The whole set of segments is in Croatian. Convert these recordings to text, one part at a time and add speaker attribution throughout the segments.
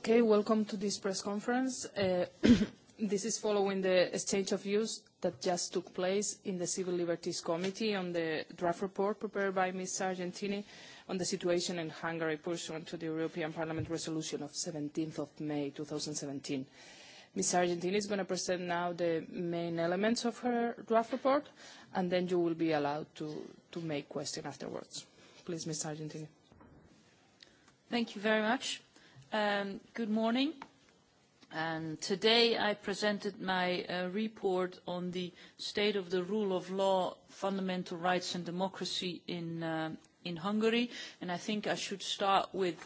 Speaker 1: Okay, welcome to this press conference. Uh, this is following the exchange of views that just took place in the Civil Liberties Committee on the draft report prepared by Ms. Sargentini on the situation in Hungary pursuant to the European Parliament resolution of 17th of May 2017. Ms. Sargentini is going to present now the main elements of her draft report, and then you will be allowed to, to make questions afterwards. Please, Ms. Sargentini.
Speaker 2: Thank you very much. Um, good morning. And today I presented my uh, report on the state of the rule of law, fundamental rights and democracy in, uh, Hungary. And I think I should start with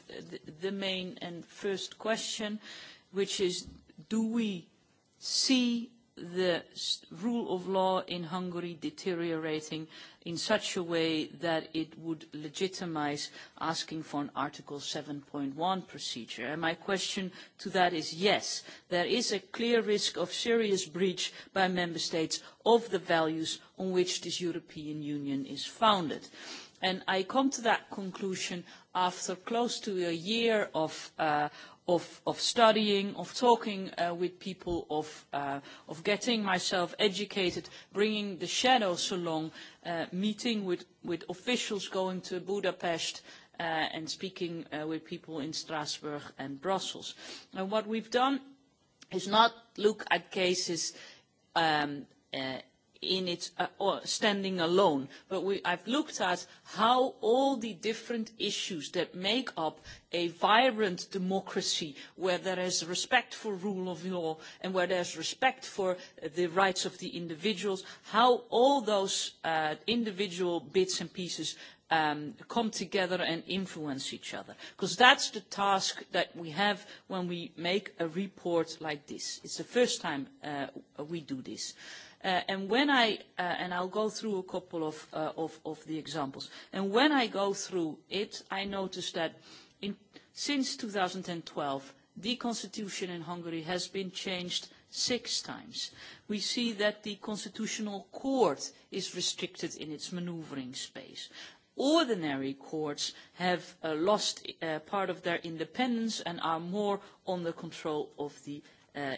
Speaker 2: the main and first question, which is, do we see the rule of law in Hungary deteriorating in such a way that it would legitimize asking for an Article 7.1 procedure. And my question to that is yes, there is a clear risk of serious breach by Member States of the values on which this European Union is founded. And I come to that conclusion after close to a year of, uh, of, of studying, of talking uh, with people, of, uh, of getting myself educated, bringing the shadows along, uh, meeting with, with officials, going to Budapest uh, and speaking uh, with people in Strasbourg and Brussels. And what we've done is not look at cases um, uh, in its uh, standing alone but we i've looked at how all the different issues that make up a vibrant democracy where there is respect for rule of law and where there is respect for the rights of the individuals how all those uh, individual bits and pieces um, come together and influence each other. Because that's the task that we have when we make a report like this. It's the first time uh, we do this. Uh, and when I, uh, and I'll go through a couple uh, of, of, the examples. And when I go through it, I notice that in, since 2012, the constitution in Hungary has been changed six times. We see that the constitutional court is restricted in its manoeuvring space ordinary courts have uh, lost uh, part of their independence and are more under control of the uh,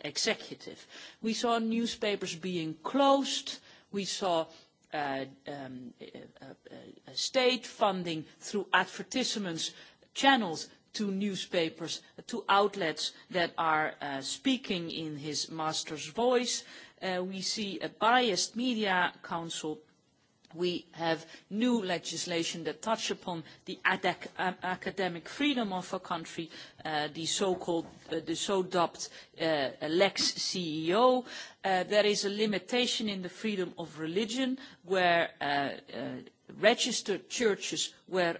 Speaker 2: executive. We saw newspapers being closed. We saw um, state funding through advertisements channels to newspapers, to outlets that are speaking in his master's voice. We see a biased media council we have new legislation that touch upon the academic freedom of a country, uh, the so-called, uh, the so-dubbed uh, Lex CEO. There is a limitation in the freedom of religion where registered churches were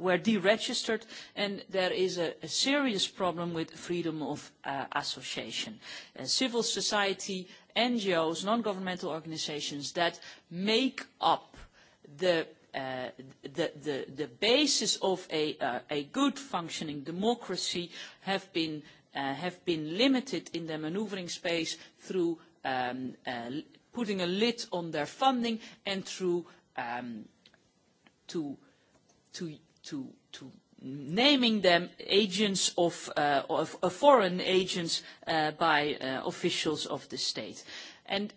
Speaker 2: were deregistered and there is a, serious problem with freedom of association. civil society NGOs, non-governmental organizations that make up the uh, the, the, basis of uh, a, good functioning democracy have been, uh, have been limited in their maneuvering space through um, putting a lid on their funding and through um, to, to, to, to naming them agents of, uh, of, uh foreign agents uh, by uh, officials of the state. And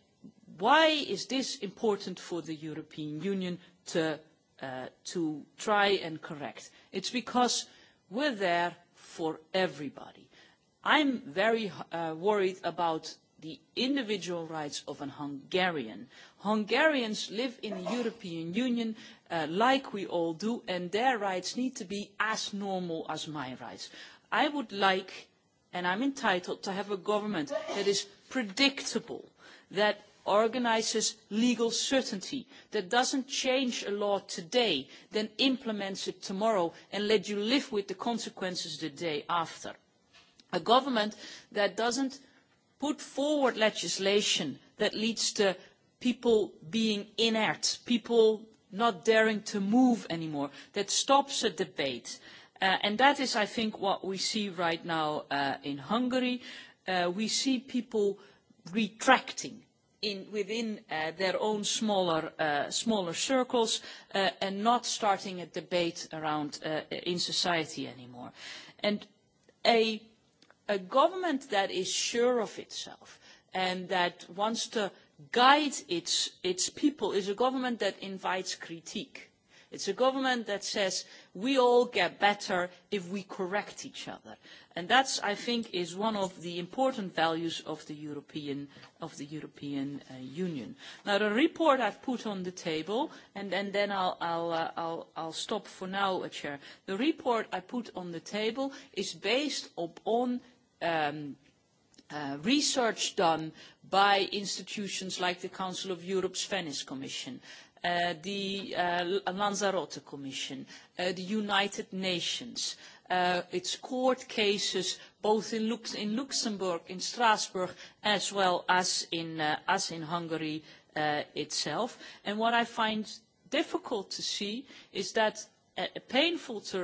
Speaker 2: why is this important for the European Union to, uh, to try and correct? It's because we're there for everybody. I'm very uh, worried about the individual rights of a Hungarian. Hungarians live in the European Union uh, like we all do and their rights need to be as normal as my rights. I would like and I'm entitled to have a government that is predictable, that organises legal certainty, that doesn't change a law today, then implements it tomorrow and let you live with the consequences the day after. A government that doesn't put forward legislation that leads to people being inert, people not daring to move anymore, that stops a debate. Uh, and that is, I think, what we see right now uh, in Hungary. Uh, we see people retracting in, within their own smaller, smaller circles and not starting a debate around in society anymore. And a a government that is sure of itself and that wants to guide its, its people is a government that invites critique. It's a government that says we all get better if we correct each other. And that's, I think, is one of the important values of the European, of the European uh, Union. Now, the report I've put on the table, and, and then I'll, I'll, uh, I'll, I'll stop for now, uh, Chair. The report I put on the table is based upon Um, uh, research done by institutions like the Council of Europe's Venice Commission, uh, the uh, Lanzarote Commission, the United Nations, its court cases both in, Luxembourg, in Strasbourg, as well as in, as in Hungary itself. And what I find difficult to see is that painful to,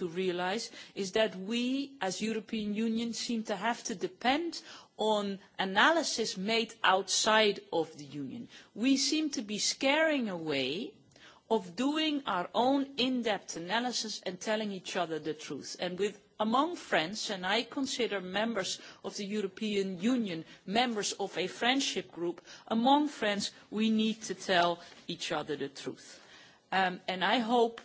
Speaker 2: realise uh, to, is that we as European Union seem to have to depend on analysis made outside of the Union. We seem to be scaring away of doing our own in-depth analysis and telling each other the truth. And with among friends and i consider members of the european union members of a friendship group among friends we need to tell each other the truth. Um, and I hope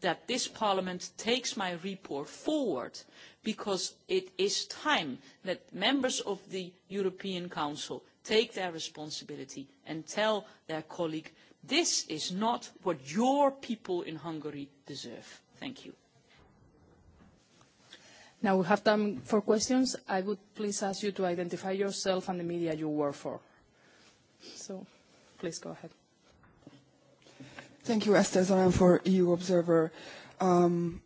Speaker 2: that this Parliament takes my report forward, because it is time that members of the European Council take their responsibility and tell their colleague, this is not what your people in Hungary deserve. Thank you.
Speaker 1: Now we have time for questions. I would please ask you to identify yourself and the media you work for. So please go ahead. Thank you, Esther Zoran, for EU Observer. Um,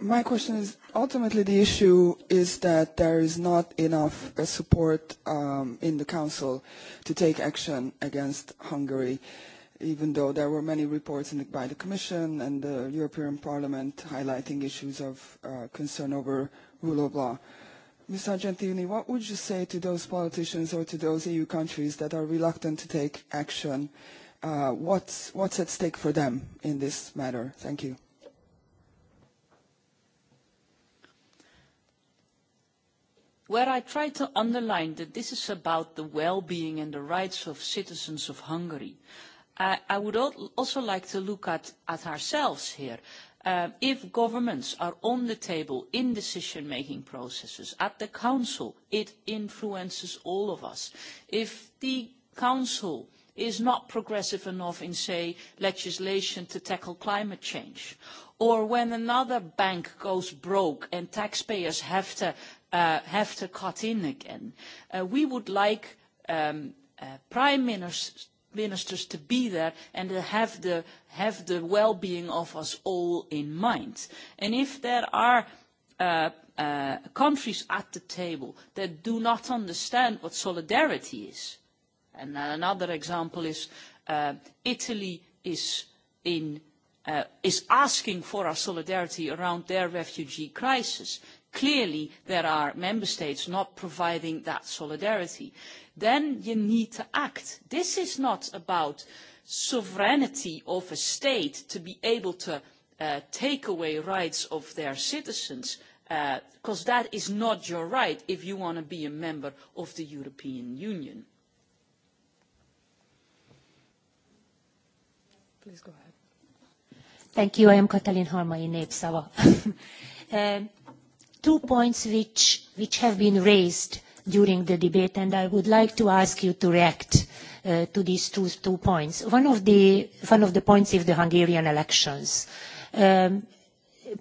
Speaker 1: my question is, ultimately the issue is that there is not enough uh, support um, in the Council to take action against Hungary, even though there were many reports in the, by the Commission and the European Parliament highlighting issues of uh, concern over rule of law. Ms. Argentini, what would you say to those politicians or to those EU countries that are reluctant to take action uh, what's, what's at stake for them in this matter? Thank
Speaker 2: you. Where I try to underline that this is about the well-being and the rights of citizens of Hungary, I would also like to look at, at ourselves here. Uh, if governments are on the table in decision making processes at the council it influences all of us. if the council is not progressive enough in, say, legislation to tackle climate change, or when another bank goes broke and taxpayers have to, uh, cut in again. Uh, we would like um, uh, prime ministers to be there and have the, have the well-being of us all in mind. And if there are countries at the table that do not understand what solidarity is, another example is uh, Italy uh, is, asking for our solidarity around their refugee crisis. Clearly, there are member states not providing that solidarity. Then you need to act. This is not about sovereignty of a state to be able to uh, take away rights of their citizens because that is not your right if you want to be a member of the European Union.
Speaker 3: Please go ahead. Thank you. I am Katalin Harmai, Népszava. Uh, two points which, which have been raised during the debate, and I would like to ask you to react uh, to these two, points. One of, the, one of the points is the Hungarian elections. Um,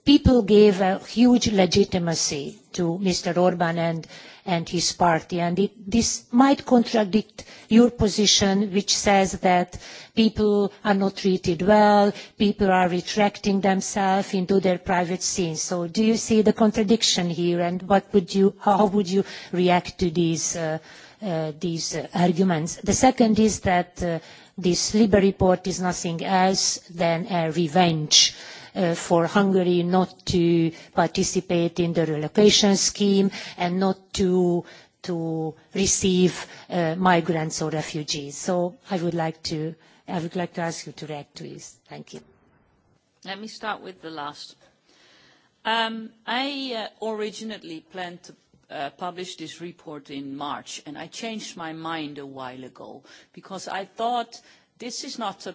Speaker 3: people gave a huge legitimacy to Mr. Orban and, and his party. And it, this might contradict your position, which says that people are not treated well, people are retracting themselves into their private scenes. So do you see the contradiction here, and what would you, how would you react to these, uh, uh, these uh, arguments? The second is that this Libre report is nothing else than a revenge Uh, for Hungary not to participate in the relocation scheme and not to receive uh, migrants or refugees. So I would like to I would like to ask you to react to this. Thank you.
Speaker 2: Let me start with the last. Um, I uh, originally planned to publish this report in March, and I changed my mind a while ago because I thought this is not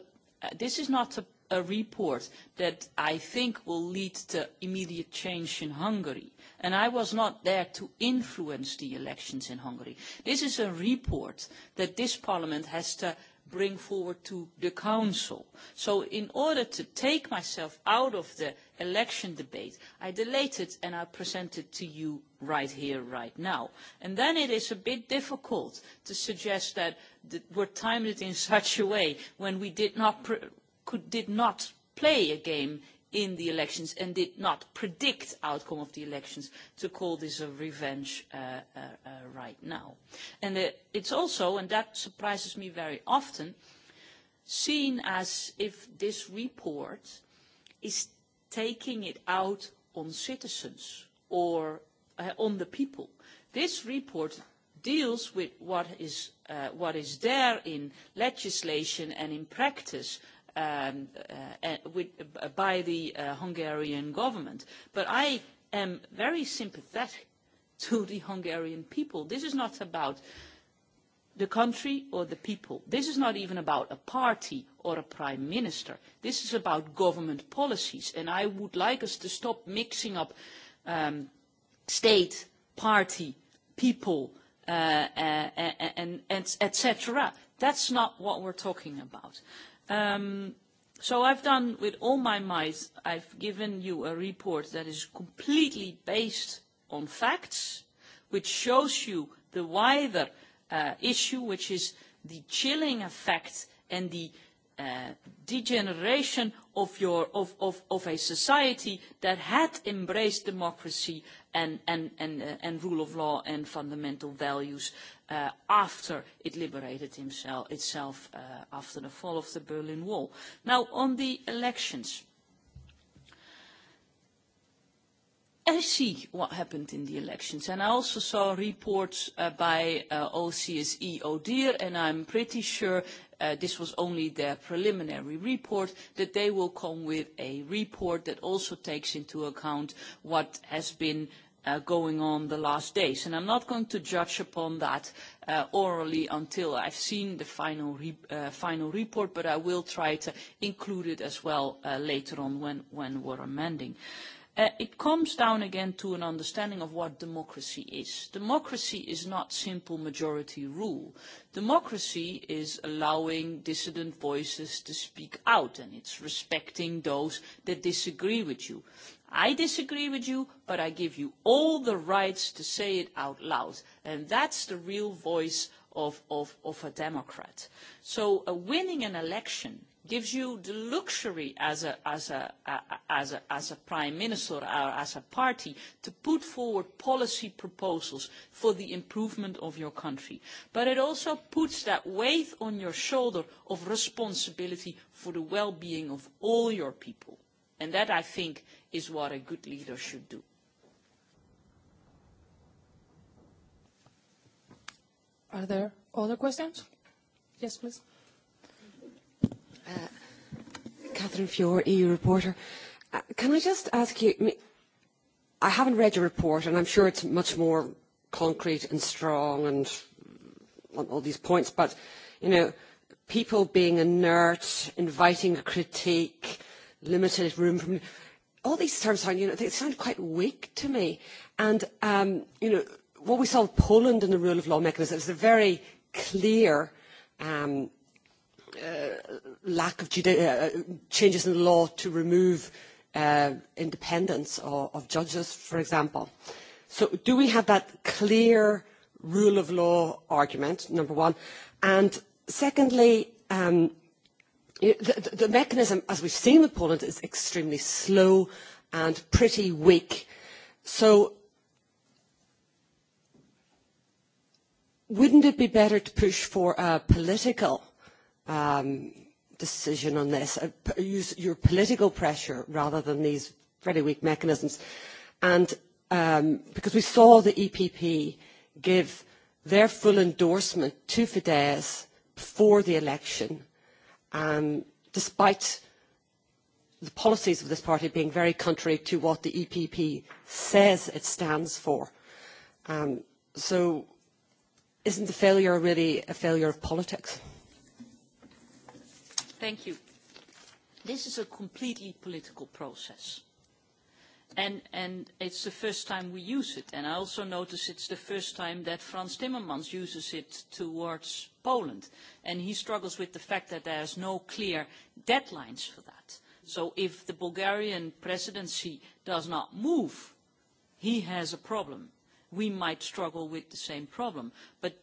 Speaker 2: this is not a a report that I think will lead to immediate change in Hungary. And I was not there to influence the elections in Hungary. This is a report that this parliament has to bring forward to the council. So in order to take myself out of the election debate, I delayed it and I present it to you right here, right now. And then it is a bit difficult to suggest that, we we're timed it in such a way when we did not could did not play a game in the elections and did not predict the outcome of the elections to call this a revenge uh, uh, uh, right now. And it's also, and that surprises me very often, seen as if this report is taking it out on citizens or on the people. This report deals with what is, what is there in legislation and in practice um, uh, with, uh, by the uh, Hungarian government. But I am very sympathetic to the Hungarian people. This is not about the country or the people. This is not even about a party or a prime minister. This is about government policies. And I would like us to stop mixing up um, state, party, people, uh, and, and, and etc. That's not what we're talking about. Um, so I've done with all my might, I've given you a report that is completely based on facts, which shows you the wider uh, issue, which is the chilling effect and the Uh, degeneration of, your, of, of, of a society that had embraced democracy and, and, and, uh, rule of law and fundamental values uh, after it liberated himself, itself after the fall of the Berlin Wall. Now, on the elections. I see what happened in the elections, and I also saw reports by uh, OCSE ODIR, and I'm pretty sure Uh, this was only their preliminary report that they will come with a report that also takes into account what has been uh, going on the last days and i'm not going to judge upon that uh, orally until i've seen the final report but i will try to include it as well later on when when we're amending Uh, it comes down again to an understanding of what democracy is. Democracy is not simple majority rule. Democracy is allowing dissident voices to speak out and it's respecting those that disagree with you. I disagree with you, but I give you all the rights to say it out loud. And that's the real voice of, of, a democrat. So winning an election gives you the luxury as a, as, a, as, a, as a prime minister or as a party to put forward policy proposals for the improvement of your country. But it also puts that weight on your shoulder of responsibility for the well-being of all your people. And that, I think, is what a good leader should do.
Speaker 1: Are there other questions? Yes, please.
Speaker 4: Uh, Catherine Fjord, EU reporter. Uh, can I just ask you, I, haven't read your report and I'm sure it's much more concrete and strong and on mm, all these points, but, you know, people being inert, inviting a critique, limited room from all these terms sound you know they sound quite weak to me and um, you know what we saw with poland in the rule of law mechanism is a very clear um, lack of uh, uh, changes in law to remove uh, independence of, of judges, for example. So do we have that clear rule of law argument, number one? And secondly, um, the, the mechanism, as we've seen with Poland, is extremely slow and pretty weak. So wouldn't it be better to push for a political um, decision on this, uh, use your political pressure rather than these very weak mechanisms. And um, because we saw the EPP give their full endorsement to Fidesz before the election, um, despite the policies of this party being very contrary to what the EPP says it stands for. Um, so isn't the failure really a failure of politics?
Speaker 2: Thank you. This is a completely political process. And, and it's the first time we use it. And I also notice it's the first time that Frans Timmermans uses it towards Poland. And he struggles with the fact that there is no clear deadlines for that. So if the Bulgarian presidency does not move, he has a problem. We might struggle with the same problem. But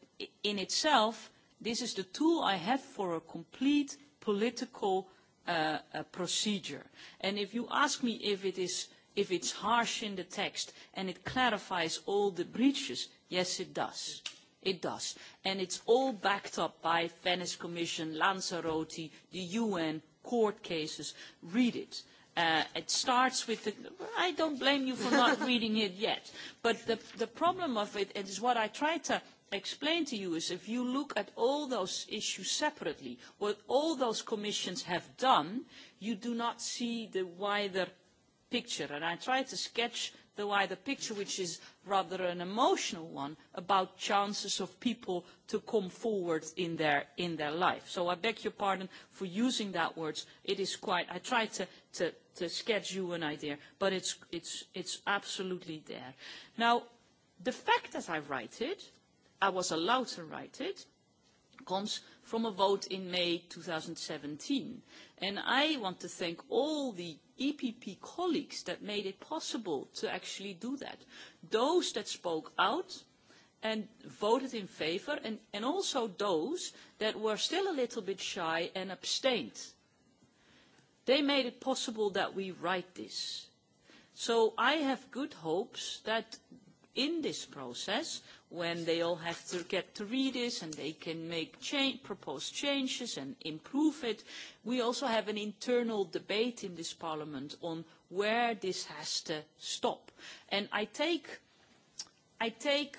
Speaker 2: in itself, this is the tool I have for a complete political uh, uh, procedure. And if you ask me if it is if it's harsh in the text and it clarifies all the breaches, yes, it does. It does. And it's all backed up by Venice Commission, Lanzarote, the UN, court cases. Read it. Uh, it starts with the, I don't blame you for not reading it yet, but the, the problem of it, and is what I try to explain to you is if you look at all those issues separately, what all those commissions have done, you do not see the wider picture. And I try to sketch the wider picture, which is rather an emotional one, about chances of people to come forward in their, in their life. So I beg your pardon for using that word. It is quite, I try to, to, to sketch you an idea, but it's, it's, it's absolutely there. Now, the fact as I write it i was allowed to write it comes from a vote in May 2017. And I want to thank all the EPP colleagues that made it possible to actually do that. Those that spoke out and voted in favour, and, and also those that were still a little bit shy and abstained. They made it possible that we write this. So I have good hopes that in this process when they all have to get to read this and they can make change, propose changes and improve it. We also have an internal debate in this parliament on where this has to stop. And I take, I take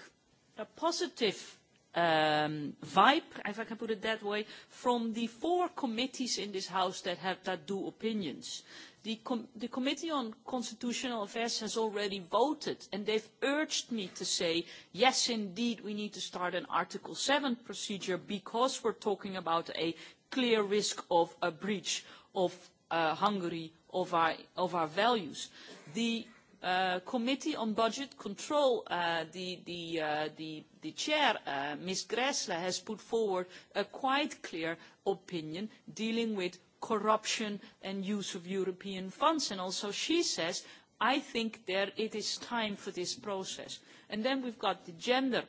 Speaker 2: a positive um, vibe, if I can put it that way, from the four committees in this House that, have, that do opinions. The, Committee on Constitutional Affairs has already voted, and they've urged me to say, yes, indeed, we need to start an Article 7 procedure because we're talking about a clear risk of a breach of uh, Hungary of our, values. The uh, Committee on Budget Control, uh, the, chair, Ms. Gressler, has put forward a quite clear opinion dealing with corruption and use of European funds. And also she says, I think there it is time for this process. And then we've got the gender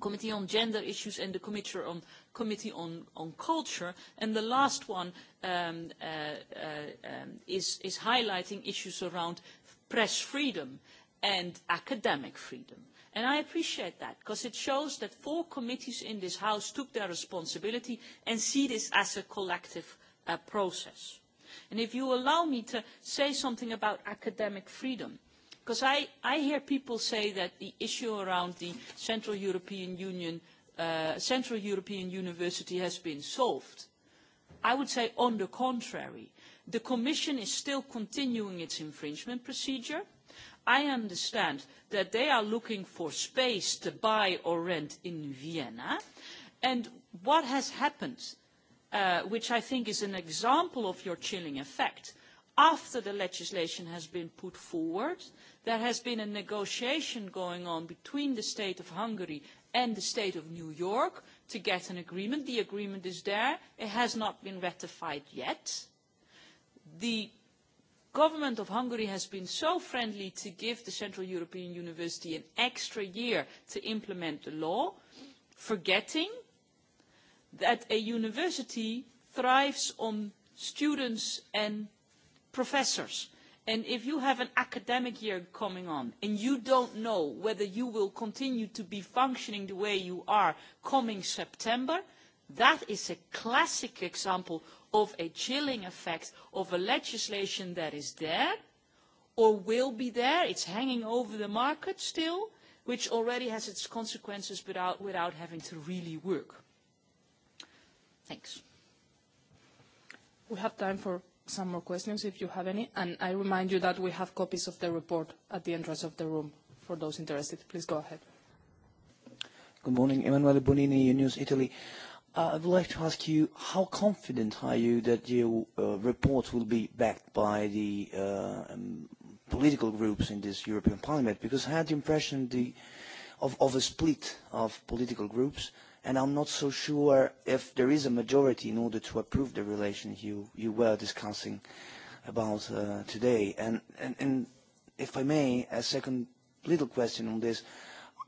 Speaker 2: Committee on Gender Issues and the Committee on, committee on, on Culture. And the last one um, uh, uh, um, is, is highlighting issues around press freedom and academic freedom. And I appreciate that because it shows that four committees in this House took their responsibility and see this as a collective process. if you allow me to say something about academic freedom, because I, I hear people say that the issue around the Central European Union, uh, Central European University has been solved. I would say on the contrary. The Commission is still continuing its infringement procedure. I understand that they are looking for space to buy or rent in Vienna. And what has happened Uh, which I think is an example of your chilling effect. After the legislation has been put forward, there has been a negotiation going on between the state of Hungary and the state of New York to get an agreement. The agreement is there. It has not been ratified yet. The government of Hungary has been so friendly to give the Central European University an extra year to implement the law, forgetting that a university thrives on students and professors and if you have an academic year coming on and you don't know whether you will continue to be functioning the way you are coming september that is a classic example of a chilling effect of a legislation that is there or will be there it's hanging over the market still which already has its consequences without, without having to really work. Thanks.
Speaker 1: We have time for some more questions if you have any. And I remind you that we have copies of the report at the entrance of the room for those interested. Please go ahead. Good morning. Emanuele Bonini, News Italy. Uh, I would like to ask you, how
Speaker 2: confident are you that your uh, report will be backed by the uh, um, political groups in this European Parliament? Because I had the impression the, of a split of political groups – and I'm not so sure if there is a majority in order to approve the relation you, you were discussing about uh, today.
Speaker 1: And, if I may, a second little question on this.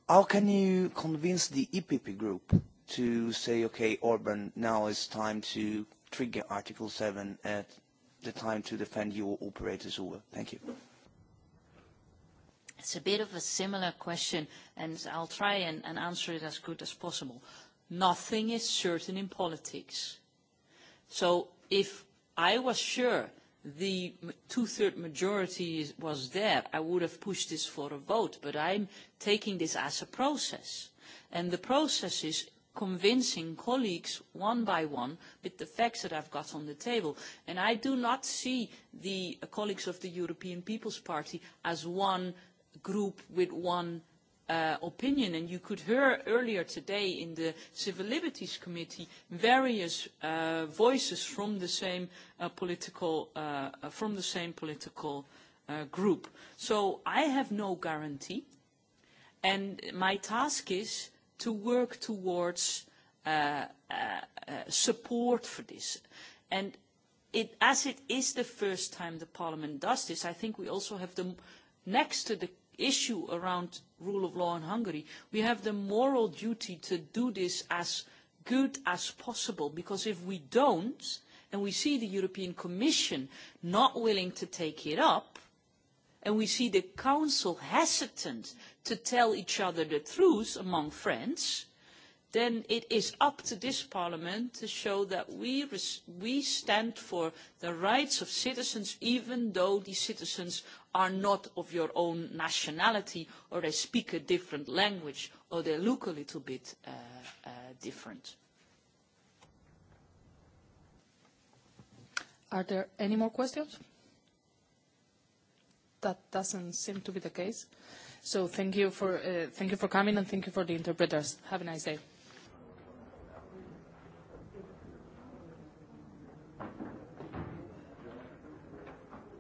Speaker 1: How can
Speaker 2: you convince the EPP group to say, okay, Orban, now it's time to trigger Article 7 at the time to defend your operators' over? Thank you. It's a bit of a similar question, and I'll try and, answer it as good as possible. Nothing is certain in politics. So if I was sure the two-third majority was there, I would have pushed this for a vote, but I'm taking this as a process. And the process is convincing colleagues one by one with the facts that I've got on the table. And I do not see the uh, colleagues of the European People's Party as one group with one uh, opinion. And you could hear earlier today in the Civil Liberties Committee various uh, voices from the same uh, political, uh, uh from the same political uh, group. So I have no guarantee. And my task is to work towards uh, uh, uh, support for this. And it, as it is the first time the Parliament does this, I think we also have the, next to the issue around rule of law in Hungary, we have the moral duty to do this as good as possible, because if we don't, and we see the European Commission not willing to take it up, and we see the Council hesitant to tell each other the truth among friends, then it is up to this parliament to show that we, we stand for the rights of citizens even though these citizens are not of your own nationality or they speak a different language or they look a little bit uh, uh, different.
Speaker 1: Are there any more questions? That doesn't seem to be the case. So thank you for, uh, thank you for coming and thank you for the interpreters. Have a nice day.